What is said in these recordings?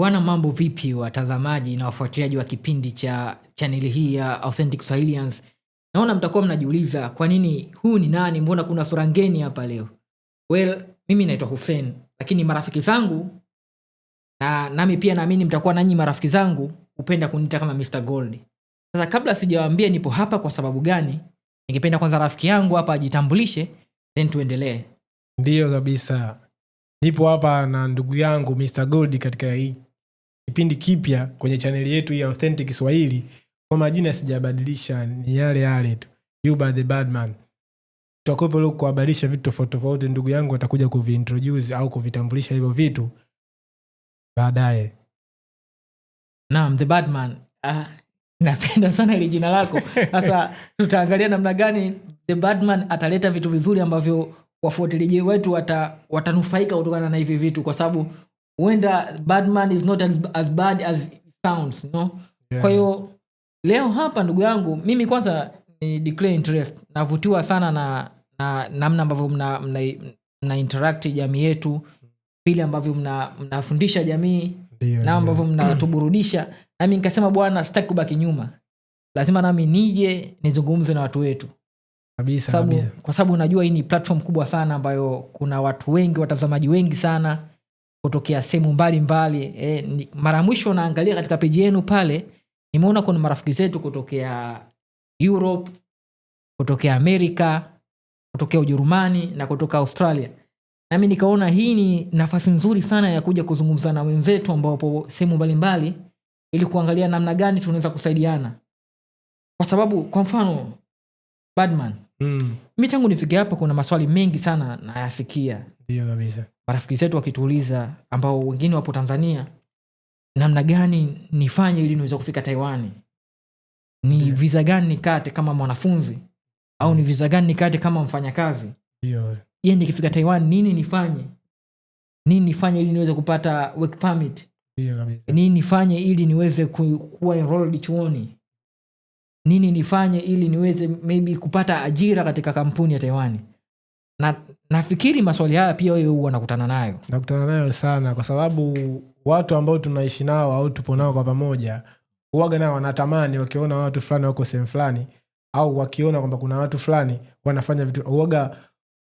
Wana mambo vipi watazamaji na wafuatiliaji wa kipindi cha chaneli hii ya Authentic Swahilians? Naona mtakuwa mnajiuliza kwa nini huu ni nani, mbona kuna sura ngeni hapa leo? Well, mimi naitwa Hussein, lakini marafiki zangu na nami pia naamini mtakuwa nanyi marafiki zangu hupenda kuniita kama Mr. Gold. Sasa kabla sijawaambia nipo hapa kwa sababu gani, ningependa kwanza rafiki yangu hapa ajitambulishe then tuendelee. Ndiyo kabisa, nipo hapa na ndugu yangu Mr. Gold katika hii kipindi kipya kwenye chaneli yetu ya Authentic Kiswahili. Kwa majina sijabadilisha, ni yale yale tu, you by the bad man. Tutakuwa leo kuhabarisha vitu tofauti tofauti, ndugu yangu atakuja kuviintroduce au kuvitambulisha hivyo vitu baadaye. Naam, the bad man. Uh, napenda sana ile jina lako. Sasa tutaangalia namna gani the bad man ataleta vitu vizuri ambavyo wafuatiliaji wetu watanufaika kutokana na hivi vitu kwa sababu huenda badman is not as, as bad as it sounds no yeah. kwahiyo leo hapa ndugu yangu mimi kwanza ni declare interest navutiwa sana na na namna ambavyo mna, mna, mna interact jamii yetu vile ambavyo mnafundisha mna, jamii na ambavyo mnatuburudisha nami nikasema bwana sitaki kubaki nyuma lazima nami nije nizungumze na watu wetu kwa sababu unajua hii ni platform kubwa sana ambayo kuna watu wengi watazamaji wengi sana kutokea sehemu mbalimbali eh, mara ya mwisho naangalia katika peji yenu pale nimeona kuna marafiki zetu kutokea Europe, kutokea Amerika, kutokea Ujerumani na kutoka Australia. Nami nikaona hii ni nafasi nzuri sana ya kuja kuzungumza na wenzetu ambao sehemu mbalimbali ili kuangalia namna gani tunaweza kusaidiana, kwa sababu kwa mfano Badman Mm. Mi tangu nifike hapa kuna maswali mengi sana nayasikia, marafiki zetu wakituuliza, ambao wengine wapo Tanzania, namna gani nifanye ili niweze kufika Taiwani, ni yeah. viza gani nikate kama mwanafunzi mm. au ni viza gani nikate kama mfanyakazi? je, nikifika Taiwan nini nifanye? Nini nifanye ili niweze kupata work permit? nini nifanye ili niweze kuwa enrolled chuoni? nini nifanye ili niweze maybe kupata ajira katika kampuni ya Taiwani? Na nafikiri maswali haya pia wewe huu wanakutana nayo. Nakutana nayo sana, kwa sababu watu ambao tunaishi nao au tupo nao kwa pamoja huwaga nao wanatamani, wakiona watu fulani wako sehemu fulani au wakiona kwamba kuna watu fulani wanafanya vitu, uaga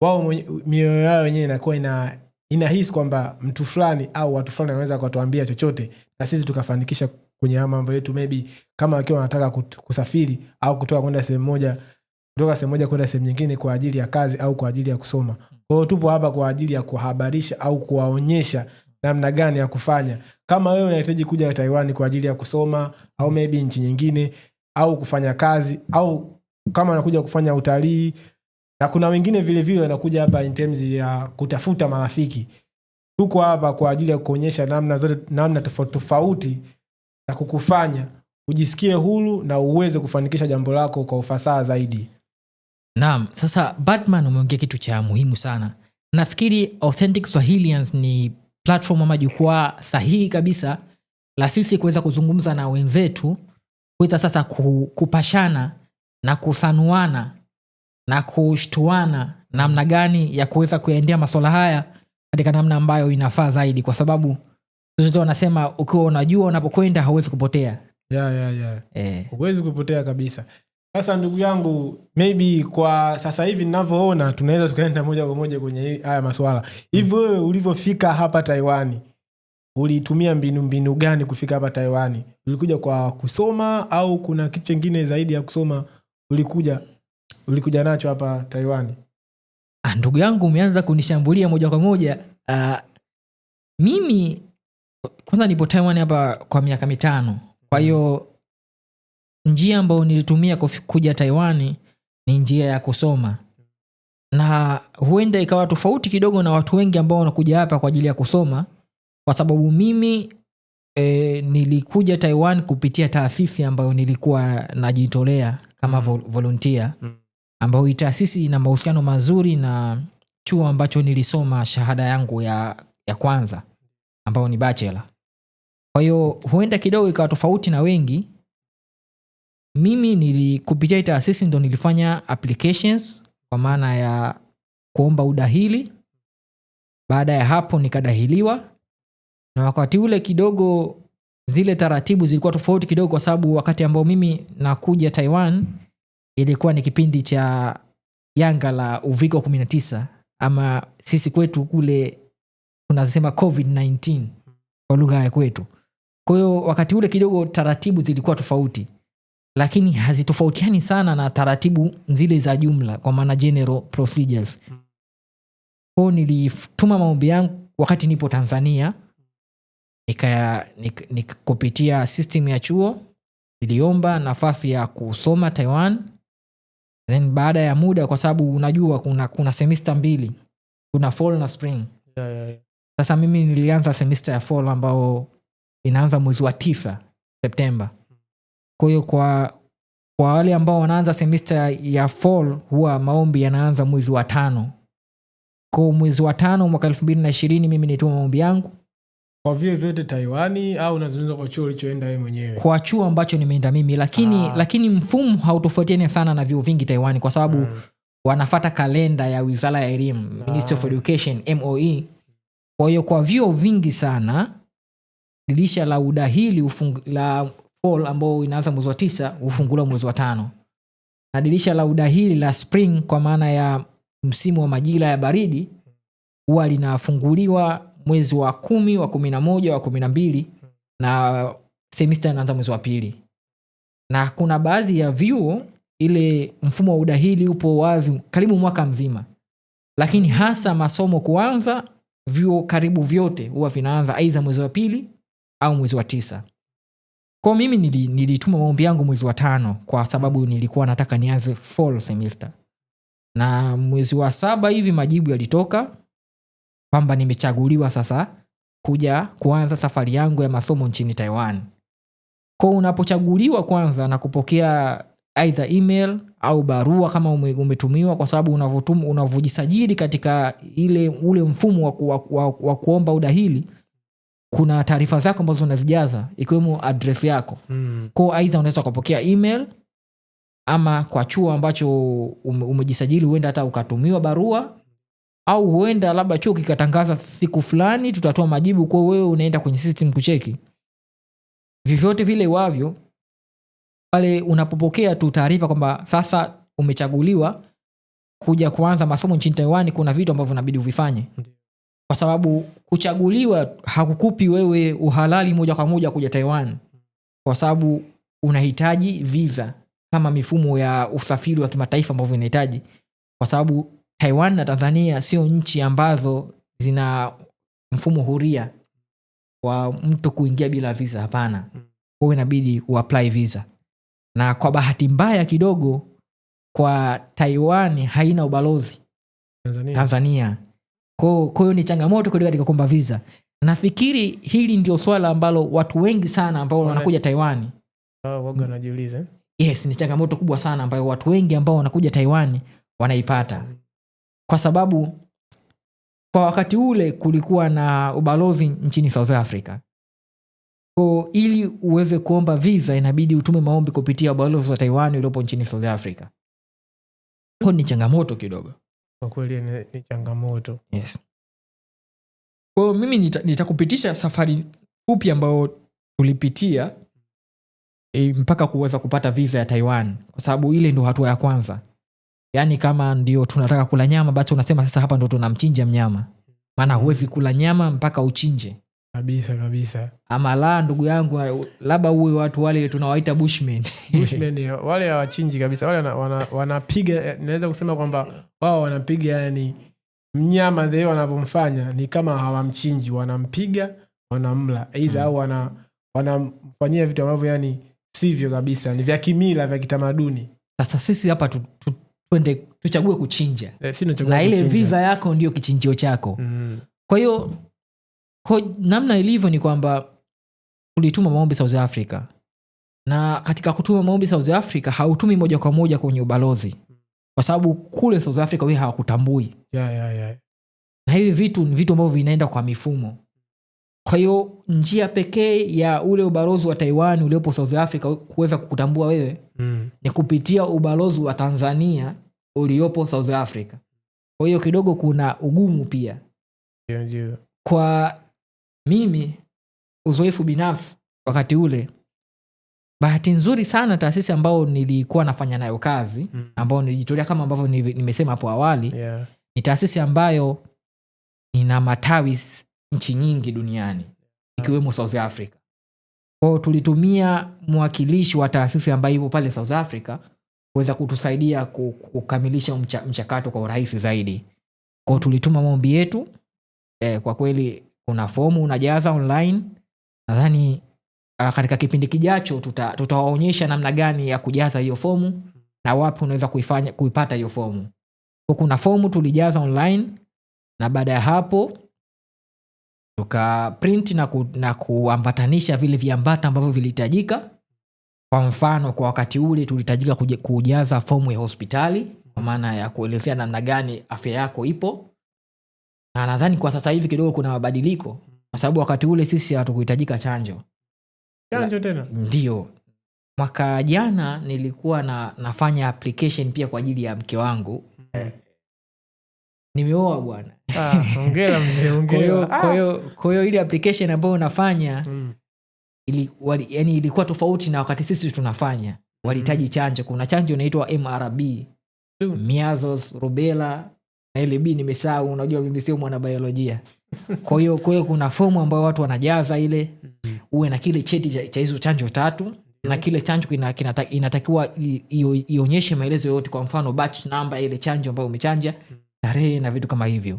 wao mioyo yao wenyewe inakuwa ina inahisi kwamba mtu fulani au watu fulani wanaweza wakatuambia chochote na sisi tukafanikisha kwenye haya mambo yetu, maybe kama wakiwa wanataka kusafiri au kutoka kwenda sehemu moja kutoka sehemu moja kwenda sehemu nyingine kwa ajili ya kazi au kwa ajili ya kusoma. Kwa hiyo tupo hapa kwa ajili ya kuhabarisha au kuwaonyesha namna gani ya kufanya. Kama wewe unahitaji kuja Taiwan kwa ajili ya kusoma au maybe nchi nyingine au kufanya kazi au kama unakuja kufanya utalii na kuna wengine vile vile wanakuja hapa in terms ya kutafuta marafiki. Tuko hapa kwa ajili ya kuonyesha namna zote, namna tofauti tofauti na kukufanya ujisikie huru na uweze kufanikisha jambo lako kwa ufasaha zaidi. Naam, sasa Batman umeongea kitu cha muhimu sana. Nafikiri Authentic Swahilians ni platform ama jukwaa sahihi kabisa la sisi kuweza kuzungumza na wenzetu, kuweza sasa kupashana na kusanuana na kushtuana namna gani ya kuweza kuyaendea masuala haya katika namna ambayo inafaa zaidi, kwa sababu zote wanasema ukiwa unajua unapokwenda hauwezi kupotea. yeah, yeah, yeah. Eh. Huwezi kupotea kabisa. Sasa ndugu yangu, maybe kwa sasa hivi ninavyoona, tunaweza tukaenda moja kwa moja kwenye haya maswala hivi. Wewe ulivyofika hapa Taiwani, ulitumia mbinu mbinu gani kufika hapa Taiwani? Ulikuja kwa kusoma au kuna kitu chengine zaidi ya kusoma ulikuja ulikuja nacho hapa Taiwani? Ah, ndugu yangu, umeanza kunishambulia moja kwa moja. Uh, mimi kwanza nipo Taiwan hapa kwa miaka mitano, kwa hiyo njia ambayo nilitumia kuja Taiwani ni njia ya kusoma, na huenda ikawa tofauti kidogo na watu wengi ambao wanakuja hapa kwa ajili ya kusoma, kwa sababu mimi e, nilikuja Taiwan kupitia taasisi ambayo nilikuwa najitolea kama mm. volunteer mm ambayo hii taasisi ina mahusiano mazuri na chuo ambacho nilisoma shahada yangu ya, ya kwanza ambayo ni bachelor. Kwa hiyo huenda kidogo ikawa tofauti na wengi. Mimi nilikupitia hii taasisi ndo nilifanya applications kwa maana ya kuomba udahili. Baada ya hapo nikadahiliwa, na wakati ule kidogo zile taratibu zilikuwa tofauti kidogo, kwa sababu wakati ambao mimi nakuja Taiwan ilikuwa ni kipindi cha janga la uviko 19 ama sisi kwetu kule tunasema covid-19 kwa lugha ya kwetu kwahiyo wakati ule kidogo taratibu zilikuwa tofauti lakini hazitofautiani sana na taratibu zile za jumla kwa maana general procedures ko nilituma maombi yangu wakati nipo tanzania nikaya nik, nik, system ya chuo niliomba nafasi ya kusoma taiwan Then baada ya muda, kwa sababu unajua kuna, kuna semester mbili, kuna fall na spring. yeah, yeah, yeah. Sasa mimi nilianza semester ya fall ambao inaanza mwezi wa tisa Septemba. Kwa hiyo kwa kwa wale ambao wanaanza semester ya fall huwa maombi yanaanza mwezi wa tano. Kwa mwezi wa tano mwaka elfu mbili na ishirini mimi nituma maombi yangu kwa vyuo vyote Taiwani au unazungumza kwa chuo ulichoenda wewe mwenyewe? Kwa chuo ambacho nimeenda mimi, lakini ah, lakini mfumo hautofautiani sana na vyuo vingi Taiwani kwa sababu mm, wanafata kalenda ya Wizara ya Elimu, ah, Ministry of Education, MOE. Kwa hiyo kwa vyuo vingi sana dirisha la udahili la fall ambao inaanza mwezi wa tisa hufunguliwa mwezi wa tano na dirisha la udahili la spring kwa maana ya msimu wa majira ya baridi huwa linafunguliwa mwezi wa kumi wa kumi na moja wa kumi na mbili na semista inaanza mwezi wa pili na kuna baadhi ya vyuo ile mfumo wa udahili upo wazi karibu mwaka mzima lakini hasa masomo kuanza vyuo karibu vyote huwa vinaanza aidha mwezi wa pili au mwezi wa tisa kwao mimi nilituma maombi yangu mwezi wa tano kwa sababu nilikuwa nataka nianze fall semester na mwezi wa saba hivi majibu yalitoka kwamba nimechaguliwa sasa kuja kuanza safari yangu ya masomo nchini Taiwan. Kwa unapochaguliwa kwanza na kupokea either email au barua kama umetumiwa, kwa sababu unavyojisajili katika ile ule mfumo wa, wa, wa, wa kuomba udahili kuna taarifa zako ambazo unazijaza ikiwemo address yako hmm. Kwao aidha unaweza ukapokea email ama kwa chuo ambacho umejisajili, huenda hata ukatumiwa barua au huenda labda chuo kikatangaza siku fulani tutatoa majibu, kwa wewe unaenda kwenye system kucheki. Vivyote vile wavyo pale unapopokea tu taarifa kwamba sasa umechaguliwa kuja kuanza masomo nchini Taiwan, kuna vitu ambavyo inabidi uvifanye, kwa sababu kuchaguliwa hakukupi wewe uhalali moja kwa moja kuja Taiwan, kwa sababu unahitaji visa kama mifumo ya usafiri wa kimataifa ambavyo inahitaji, kwa sababu Taiwan na Tanzania sio nchi ambazo zina mfumo huria wa mtu kuingia bila visa, hapana. Kwa hiyo inabidi uapply visa, na kwa bahati mbaya kidogo kwa Taiwan haina ubalozi Tanzania, Tanzania. Kwa hiyo ni changamoto kidogo katika kuomba visa. Nafikiri hili ndio swala ambalo watu wengi sana ambao wanakuja Taiwan wanajiuliza. Yes, ni changamoto kubwa sana ambayo watu wengi ambao wanakuja Taiwan wanaipata kwa sababu kwa wakati ule kulikuwa na ubalozi nchini south africa ko ili uweze kuomba visa inabidi utume maombi kupitia ubalozi wa taiwan uliopo nchini south africa ko ni changamoto kidogo kwa kweli ni, ni changamoto yes kwahiyo mimi nitakupitisha nita, safari fupi ambayo tulipitia e, mpaka kuweza kupata visa ya taiwan kwa sababu ile ndo hatua ya kwanza yani kama ndio tunataka kula nyama, basi unasema sasa hapa ndo tunamchinja mnyama, maana huwezi kula nyama mpaka uchinje kabisa kabisa. Ama la, ndugu yangu, labda uwe watu wale tunawaita bushmen. Bushmen wale hawachinji kabisa, wale wanapiga wana, wana naweza kusema kwamba wao wanapiga yani mnyama the wanavyomfanya ni kama hawamchinji, wanampiga wanamla aidha, au wana wanamfanyia vitu ambavyo yani sivyo kabisa, ni vya kimila vya kitamaduni. Sasa sisi hapa twende tuchague kuchinja eh, na ile viza yako ndio kichinjio chako mm. kwa hiyo namna ilivyo ni kwamba tulituma maombi south africa na katika kutuma maombi south africa hautumi moja kwa moja kwenye ubalozi kwa sababu kule south africa we hawakutambui yeah, yeah, yeah. na hivi vitu ni vitu ambavyo vinaenda kwa mifumo kwa hiyo njia pekee ya ule ubalozi wa Taiwan uliopo South Africa kuweza kukutambua wewe mm. ni kupitia ubalozi wa Tanzania uliopo South Africa. Kwa hiyo kidogo kuna ugumu pia Kwa mimi uzoefu binafsi wakati ule, bahati nzuri sana taasisi ambayo nilikuwa nafanya nayo kazi mm. ambayo nilijitolea kama ambavyo nimesema hapo awali yeah. ni taasisi ambayo ina matawi nchi nyingi duniani ah. ikiwemo South Africa. Kwao tulitumia mwakilishi wa taasisi ambayo ipo pale South Africa kuweza kutusaidia kukamilisha mcha, mchakato kwa urahisi zaidi. Kwao tulituma maombi yetu eh, kwa kweli kuna fomu unajaza online. Nadhani ah, katika kipindi kijacho tutawaonyesha tuta namna gani ya kujaza hiyo fomu na wapi unaweza kuifanya kuipata hiyo fomu. Kuna fomu tulijaza online na baada ya hapo tuka print na, ku, na kuambatanisha vile viambata ambavyo vilihitajika. Kwa mfano, kwa wakati ule tulihitajika kujaza fomu ya hospitali kwa maana ya kuelezea namna gani afya yako ipo, na nadhani kwa sasa hivi kidogo kuna mabadiliko, kwa sababu wakati ule sisi hatukuhitajika chanjo. Chanjo tena ndio mwaka jana nilikuwa na, nafanya application pia kwa ajili ya mke wangu eh nimeoa bwana. Ah, kwahiyo ah. ile application ambayo unafanya mm. yani ilikuwa tofauti na wakati sisi tunafanya walihitaji mm. chanjo. Kuna chanjo inaitwa MRB miazos rubela rubella na ile B nimesahau. Unajua mimi sio mwanabiolojia kwahiyo kwahiyo kuna fomu ambayo watu wanajaza ile mm. uwe na kile cheti cha hizo chanjo tatu na kile chanjo inatakiwa ionyeshe maelezo yoyote, kwa mfano batch namba ile chanjo ambayo umechanja mm tarehe na vitu kama hivyo,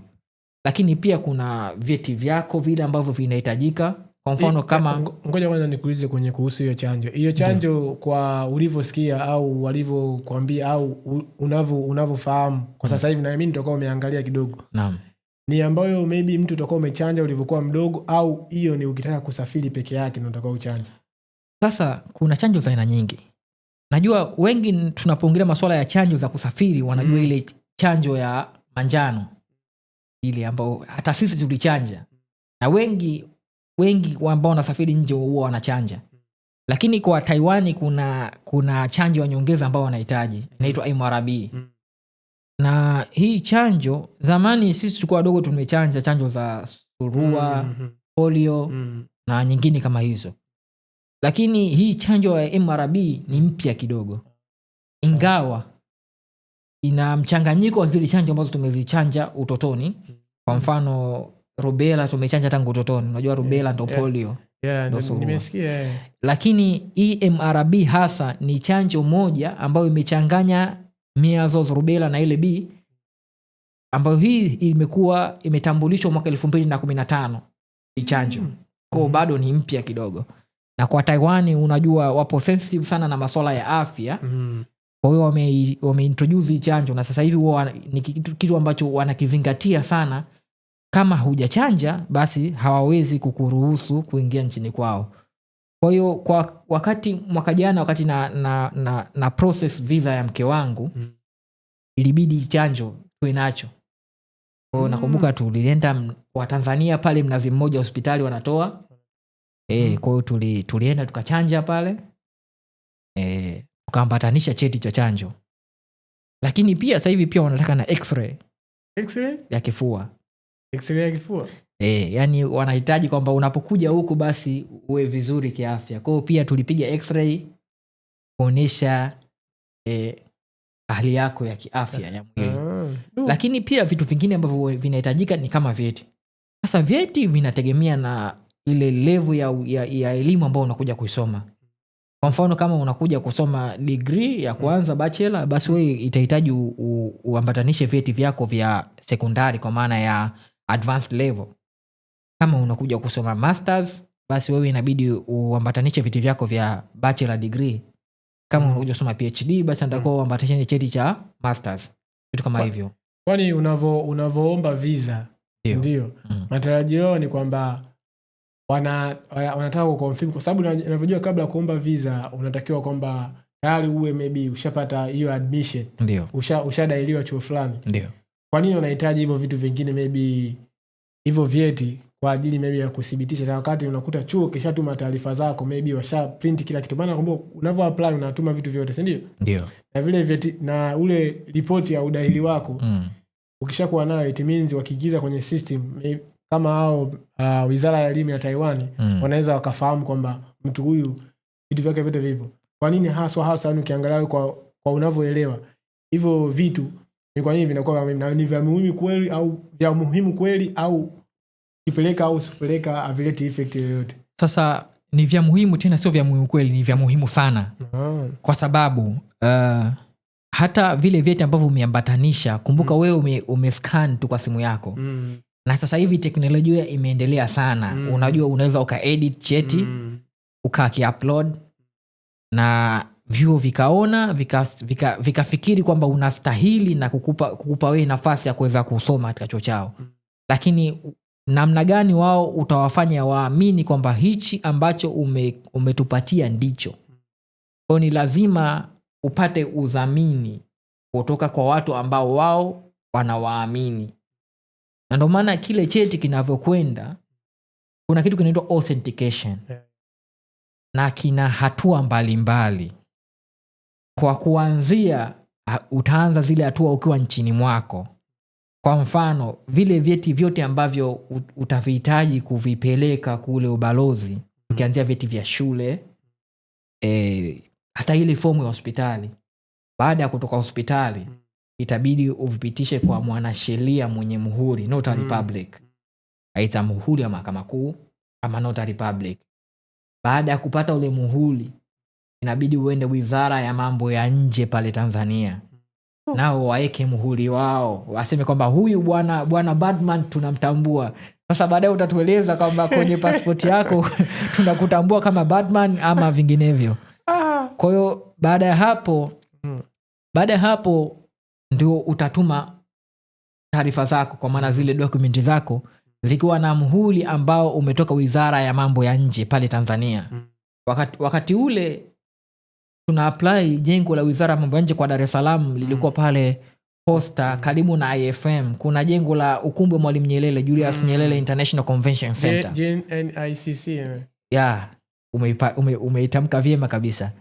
lakini pia kuna vyeti vyako vile ambavyo vinahitajika kwa mfano kama ngoja kwanza nikuulize kwenye kuhusu hiyo chanjo. Hiyo chanjo De. kwa ulivyosikia au walivyokuambia au unavyo unavyofahamu kwa sasa mm. hivi, na mimi nitakuwa umeangalia kidogo. Naam. Ni ambayo maybe mtu utakuwa umechanja ulivyokuwa mdogo, au hiyo ni ukitaka kusafiri peke yake na utakuwa uchanja. Sasa kuna chanjo za aina nyingi, najua wengi tunapoongelea masuala ya chanjo za kusafiri wanajua mm. ile chanjo ya manjano ile ambao hata sisi tulichanja na wengi wengi ambao wanasafiri nje huwa wanachanja lakini kwa taiwani kuna kuna chanjo ya nyongeza ambao wanahitaji inaitwa mrb mm. na hii chanjo zamani sisi tulikuwa wadogo tumechanja chanjo za surua mm-hmm. polio mm-hmm. na nyingine kama hizo lakini hii chanjo ya mrb ni mpya kidogo ingawa ina mchanganyiko wa zile chanjo ambazo tumezichanja utotoni. Kwa mfano rubela tumechanja tangu utotoni, unajua rubela yeah, ndo polio yeah, ndo nimesikia yeah. Lakini EMRB hasa ni chanjo moja ambayo imechanganya measles, rubela na ile B ambayo hii imekuwa imetambulishwa mwaka elfu mbili na kumi na tano hii chanjo mm. Kwao bado ni mpya kidogo, na kwa Taiwani unajua wapo sensitive sana na maswala ya afya mm. Kwa hiyo wame, wameintroduce hii chanjo na sasa hivi huwa ni kitu ambacho wanakizingatia sana. Kama hujachanja basi hawawezi kukuruhusu kuingia nchini kwao. Kwa hiyo kwa wakati mwaka jana wakati na, na, na, na process visa ya mke wangu mm. ilibidi chanjo tuwe nacho mm. nakumbuka tulienda Watanzania pale Mnazi Mmoja hospitali wanatoa e, kwa hiyo tuli, tulienda tukachanja pale ukaambatanisha cheti cha chanjo. Lakini pia sahivi pia wanataka na x-ray. X-ray ya kifua. X-ray ya kifua? E, yani wanahitaji kwamba unapokuja huku basi uwe vizuri kiafya. kwao pia tulipiga x-ray e, hali yako ya kiafya ya mwili. Uh, Lakini pia vitu vingine ambavyo vinahitajika ni kama vyeti. Sasa vyeti vinategemea na ile levu ya, ya, ya elimu ambayo unakuja kuisoma. Kwa mfano kama unakuja kusoma degree ya kwanza bachela basi wewe itahitaji uambatanishe vyeti vyako vya sekondari kwa maana ya advanced level. Kama unakuja kusoma masters, basi wewe inabidi uambatanishe vyeti vyako vya bachelor degree. Kama Mhm. unakuja kusoma PhD, basi natakuwa mhm. uambatanishe cheti cha masters, vitu kama hivyo. kwani unavo unavoomba visa Ndio. ndio mhm. matarajio ni kwamba wana, wanataka kuconfirm kwa sababu unavyojua, kabla ya kuomba visa unatakiwa kwamba tayari uwe maybe ushapata hiyo admission, ushadailiwa usha chuo fulani. kwa nini wanahitaji hivyo vitu vingine maybe hivyo vyeti kwa ajili maybe ya kuthibitisha, na wakati unakuta chuo kishatuma taarifa zako, maybe washa print kila kitu, maana kumbuka unavyo apply unatuma vitu vyote, sindio na vile vyeti na ule ripoti ya udahili wako mm. Ukishakuwa nayo it means wakiingiza kwenye system kama hao uh, wizara ya elimu ya Taiwan mm. wanaweza wakafahamu kwamba mtu huyu vitu vyake vyote vipo. Kwa nini haswa haswa, yani ukiangalia kwa, kwa unavyoelewa hivyo vitu ni kwa nini vinakuwa ni vya muhimu kweli au vya muhimu kweli au kipeleka au usipeleka avileti efekti yoyote. Sasa ni vya muhimu tena, sio vya muhimu kweli, ni vya muhimu sana mm. kwa sababu uh, hata vile vyeti ambavyo umeambatanisha, kumbuka mm. wewe ume, tu kwa simu yako mm na sasa hivi teknolojia imeendelea sana mm. unajua unaweza ukaedit cheti mm. ukakiupload na vyuo vikaona vikafikiri vika, vika kwamba unastahili na kukupa, kukupa wewe nafasi ya kuweza kusoma katika chuo chao mm. lakini namna gani wao utawafanya waamini kwamba hichi ambacho ume, umetupatia ndicho kwao ni lazima upate udhamini kutoka kwa watu ambao wao wanawaamini na ndio maana kile cheti kinavyokwenda kuna kitu kinaitwa authentication yeah. na kina hatua mbalimbali mbali. kwa kuanzia utaanza zile hatua ukiwa nchini mwako kwa mfano vile vyeti vyote ambavyo utavihitaji kuvipeleka kule ubalozi ukianzia vyeti vya shule e, hata ile fomu ya hospitali baada ya kutoka hospitali itabidi uvipitishe kwa mwanasheria mwenye muhuri notary mm. public aita muhuri wa mahakama kuu ama notary public. Baada ya kupata ule muhuri, inabidi uende wizara ya mambo ya nje pale Tanzania oh. nao waweke muhuri wao, waseme kwamba huyu bwana bwana Badman tunamtambua. Sasa baadaye utatueleza kwamba kwenye pasipoti yako tunakutambua kama Badman ama vinginevyo. Ah. Kwa hiyo baada ya hapo, mm. baada ya hapo ndio utatuma taarifa zako, kwa maana zile dokumenti zako zikiwa na mhuli ambao umetoka wizara ya mambo ya nje pale Tanzania. Mm. Wakati, wakati ule tuna apply jengo la wizara ya mambo ya nje kwa Dar es Salaam mm. lilikuwa pale Posta karibu na IFM kuna jengo la ukumbi wa Mwalimu nyelele Julius mm. nyelele International Convention Center JNICC yeah, umeitamka ume vyema kabisa.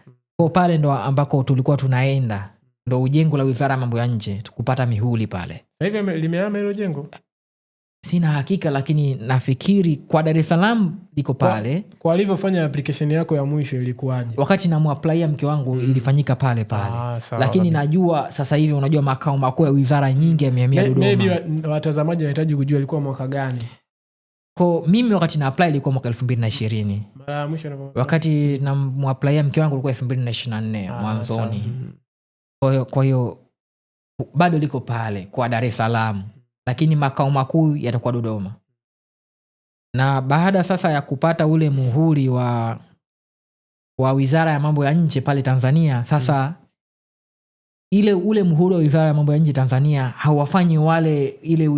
Kwa pale ndo ambako tulikuwa tunaenda ndo ujengo la wizara ya mambo ya nje kupata mihuli pale. limeama hilo jengo? Sina hakika, lakini nafikiri kwa Dar es Salaam liko pale. Kwa alivyofanya application yako ya mwisho ilikuwaje? Wakati namuaplaia mke wangu mm. ilifanyika pale ah, pale. Ah, sawa, lakini kabisa. Najua sasa hivi unajua makao makuu ya wizara nyingi yameamia Dodoma. watazamaji wanahitaji kujua ilikuwa mwaka gani? Ko mimi wakati na apply ilikuwa mwaka elfu mbili na ishirini. Wakati namuaplaia mke wangu ilikuwa elfu mbili na ishirini na nne ah, mwanzoni. Mm. Kwa hiyo bado liko pale kwa Dar es Salaam, lakini makao makuu yatakuwa Dodoma. Na baada sasa ya kupata ule muhuri wa wa Wizara ya Mambo ya Nje pale Tanzania sasa hmm. ile ule muhuri wa Wizara ya Mambo ya Nje Tanzania hawafanyi wale ile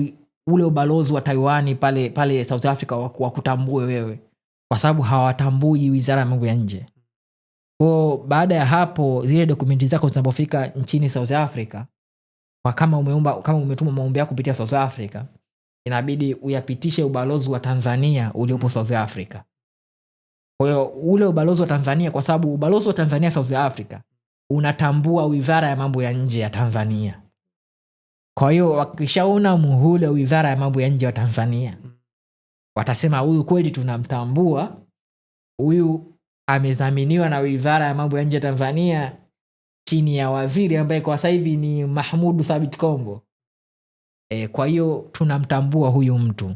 ule ubalozi wa Taiwani pale pale South Africa wakutambue wewe, kwa sababu hawatambui Wizara ya Mambo ya Nje. Kwao baada ya hapo, zile dokumenti zako zinapofika nchini South Africa, kama umeomba, kama umetuma maombi yako kupitia South Africa, inabidi uyapitishe ubalozi wa Tanzania uliopo South Africa. Kwa hiyo ule ubalozi wa Tanzania, kwa sababu ubalozi wa Tanzania South Africa unatambua wizara ya mambo ya nje ya Tanzania. Kwa hiyo wakishaona muhula wizara ya mambo ya nje wa Tanzania, watasema huyu kweli tunamtambua huyu amedhaminiwa na Wizara ya Mambo ya Nje Tanzania chini ya waziri ambaye kwa sasa ni Mahmud Thabit Kombo. E, kwa hiyo tunamtambua huyu mtu.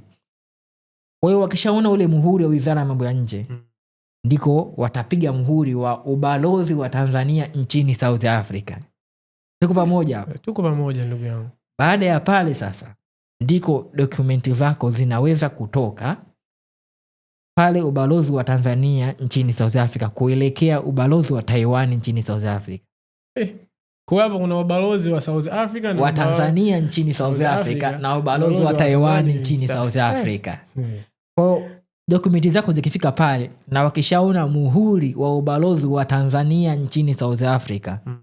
Kwa hiyo wakishaona ule muhuri wa Wizara ya Mambo ya Nje hmm. ndiko watapiga muhuri wa ubalozi wa Tanzania nchini South Africa. Tuko pamoja hapo? Eh, tuko pamoja ndugu yangu. Baada ya pale sasa ndiko dokumenti zako zinaweza kutoka pale ubalozi wa Tanzania nchini South Africa kuelekea ubalozi wa Taiwan nchini South Africa. Eh, kwa hapo kuna ubalozi wa South Africa na wa Tanzania nchini South, South Africa, Africa na ubalozi wa Taiwan nchini South Africa. Eh, eh. Kwa dokumenti zako zikifika pale na wakishaona muhuri wa ubalozi wa Tanzania nchini South Africa hmm.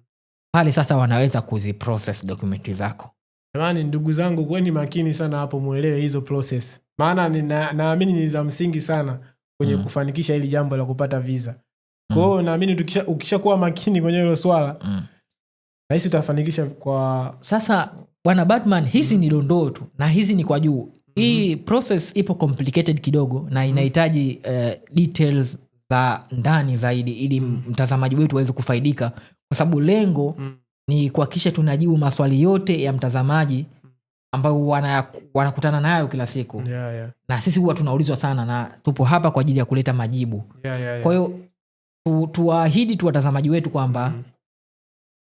Pale sasa wanaweza kuziprocess dokumenti zako. Jamani, ndugu zangu, kweni makini sana hapo, mwelewe hizo process maana naamini ni za msingi sana kwenye mm. kufanikisha hili jambo la kupata visa. kwahiyo mm. naamini ukisha, ukishakuwa makini kwenye hilo swala mm. nahisi utafanikisha kwa sasa. Bwana Batman, hizi mm. ni dondoo tu na hizi ni kwa juu hii mm-hmm. process ipo complicated kidogo na mm-hmm. inahitaji uh, details za ndani zaidi ili mm. mtazamaji wetu aweze kufaidika kwa sababu lengo mm. ni kuhakikisha tunajibu maswali yote ya mtazamaji ambayo wanakutana wana nayo kila siku yeah, yeah. na sisi huwa tunaulizwa sana na tupo hapa kwa ajili ya kuleta majibu yeah, yeah, yeah. kwa hiyo tu, tuwaahidi tu watazamaji wetu kwamba mm.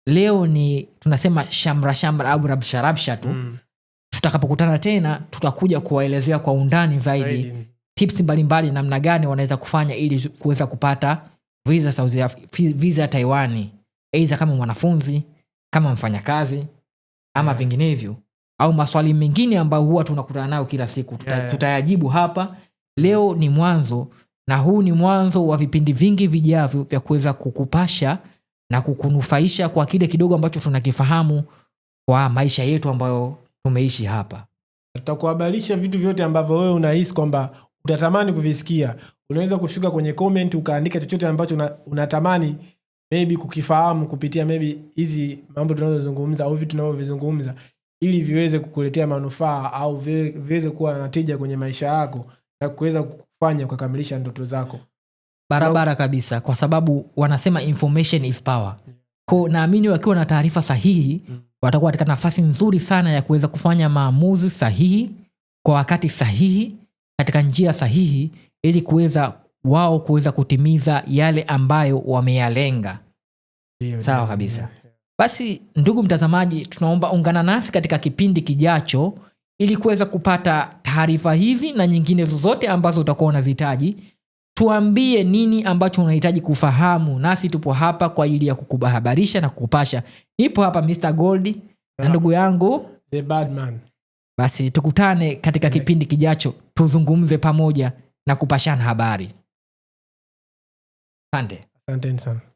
leo ni tunasema shamrashamra au rabsharabsha tu mm. tutakapokutana tena tutakuja kuwaelezea kwa undani zaidi right. tips mbalimbali namna gani wanaweza kufanya ili kuweza kupata visa ya Taiwani eiza kama mwanafunzi kama mfanyakazi ama yeah. vinginevyo au maswali mengine ambayo huwa tunakutana nayo kila siku tuta, yeah. tutayajibu hapa leo. Ni mwanzo na huu ni mwanzo wa vipindi vingi vijavyo vya kuweza kukupasha na kukunufaisha kwa kile kidogo ambacho tunakifahamu kwa maisha yetu ambayo tumeishi hapa. Tutakuhabarisha vitu vyote ambavyo wewe unahisi kwamba utatamani kuvisikia. Unaweza kushuka kwenye koment ukaandika chochote ambacho una, unatamani maybe kukifahamu kupitia maybe hizi mambo tunazozungumza au vitu tunavyovizungumza ili viweze kukuletea manufaa au viweze kuwa na tija kwenye maisha yako na kuweza kufanya kukamilisha ndoto zako barabara kabisa kwa sababu wanasema information is power ko naamini wakiwa na taarifa sahihi watakuwa katika nafasi nzuri sana ya kuweza kufanya maamuzi sahihi kwa wakati sahihi katika njia sahihi ili kuweza wao kuweza kutimiza yale ambayo wameyalenga sawa kabisa yeah. Basi ndugu mtazamaji, tunaomba ungana nasi katika kipindi kijacho ili kuweza kupata taarifa hizi na nyingine zozote ambazo utakuwa unazihitaji. Tuambie nini ambacho unahitaji kufahamu, nasi tupo hapa kwa ajili ya kukuhabarisha na kukupasha. Nipo hapa Mr Gold na ndugu yangu The Basi tukutane katika kipindi kijacho, tuzungumze pamoja na kupashana habari. Asante, asanteni sana.